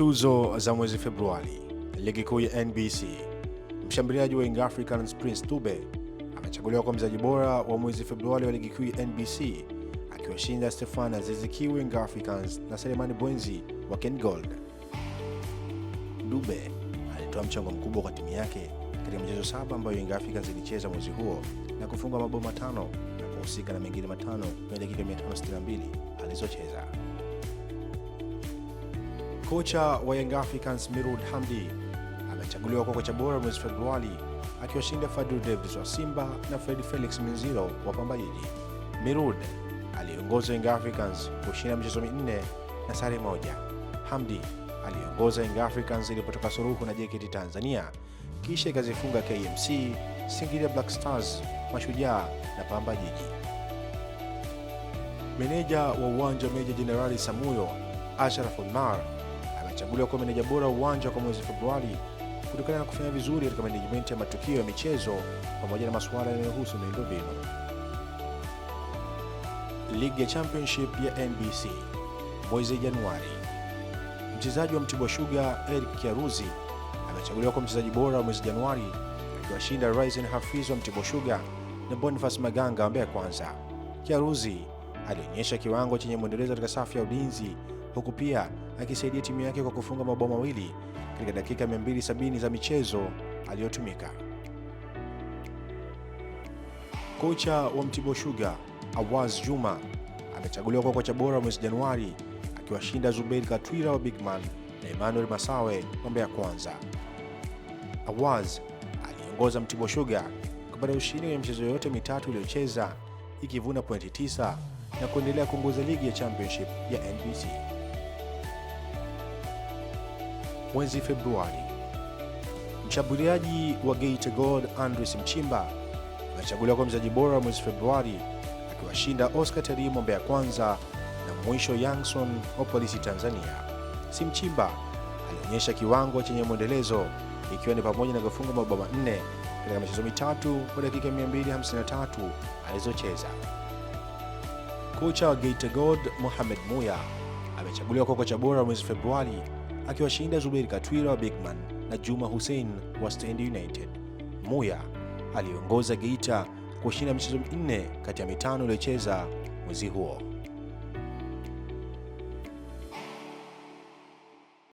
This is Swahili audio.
Tuzo za mwezi Februari, ligi kuu ya NBC. Mshambuliaji wa Young Africans Prince Dube amechaguliwa kwa mchezaji bora wa mwezi Februari wa ligi kuu ya NBC akiwashinda Stefana wa Young Africans na Selemani Bwenzi wa Ken Gold. Dube alitoa mchango mkubwa kwa timu yake katika michezo saba ambayo Young Africans ilicheza mwezi huo na kufunga mabao matano na kuhusika na mengine matano kwenye dakika 562 alizocheza. Kocha wa Young Africans Mirud Hamdi amechaguliwa kwa kocha bora mwezi Februari akiwashinda Fadlu Davids wa Simba na Fred Felix Minziro wa Pamba Jiji. Mirud aliongoza Young Africans kushinda michezo minne na sare moja. Hamdi aliongoza Young Africans ilipotoka suruhu na JKT Tanzania kisha ikazifunga KMC, Singida Black Stars, Mashujaa na Pamba Jiji. Meneja wa uwanja wa Meja Jenerali Samuyo Asharaf Omar alichaguliwa kuwa meneja bora wa uwanja kwa mwezi Februari kutokana na kufanya vizuri katika manejimenti ya matukio ya michezo pamoja na masuala yanayohusu miundombinu. Ligi ya Championship ya NBC mwezi Januari, mchezaji wa Mtibwa Sugar Eric Kiaruzi amechaguliwa kuwa mchezaji bora wa mwezi Januari akiwashinda Raisin Hafiz wa Mtibwa Sugar na Boniface Maganga wa Mbeya Kwanza. Kiaruzi alionyesha kiwango chenye mwendelezo katika safu ya ulinzi, huku pia akisaidia timu yake kwa kufunga mabao mawili katika dakika 270 za michezo aliyotumika. Kocha wa Mtibwa Sugar Awaz Juma amechaguliwa kuwa kocha bora mwezi Januari akiwashinda Zubeir Katwira wa Bigman na Emmanuel Masawe wa Mbeya Kwanza. Awaz aliongoza Mtibwa Sugar kupata ushindi kwenye michezo yote mitatu iliyocheza ikivuna pointi 9 na kuendelea kuongoza ligi ya championship ya NBC. Mwezi Februari, mshambuliaji wa Geita Gold Andres Mchimba alichaguliwa kwa mchezaji bora mwezi Februari, akiwashinda Oscar Tarimo Mbeya Kwanza na mwisho Youngson wa Polisi Tanzania. Simchimba alionyesha kiwango chenye mwendelezo ikiwa ni pamoja na kufunga mabao manne katika michezo mitatu kwa dakika 253 alizocheza. Kocha wa Geita Gold Mohamed Muya amechaguliwa kwa kocha bora mwezi Februari akiwashinda Zuberi Katwira wa Bigman na Juma Hussein wa Stand United. Muya aliongoza Geita kushinda michezo minne kati ya mitano iliyocheza mwezi huo.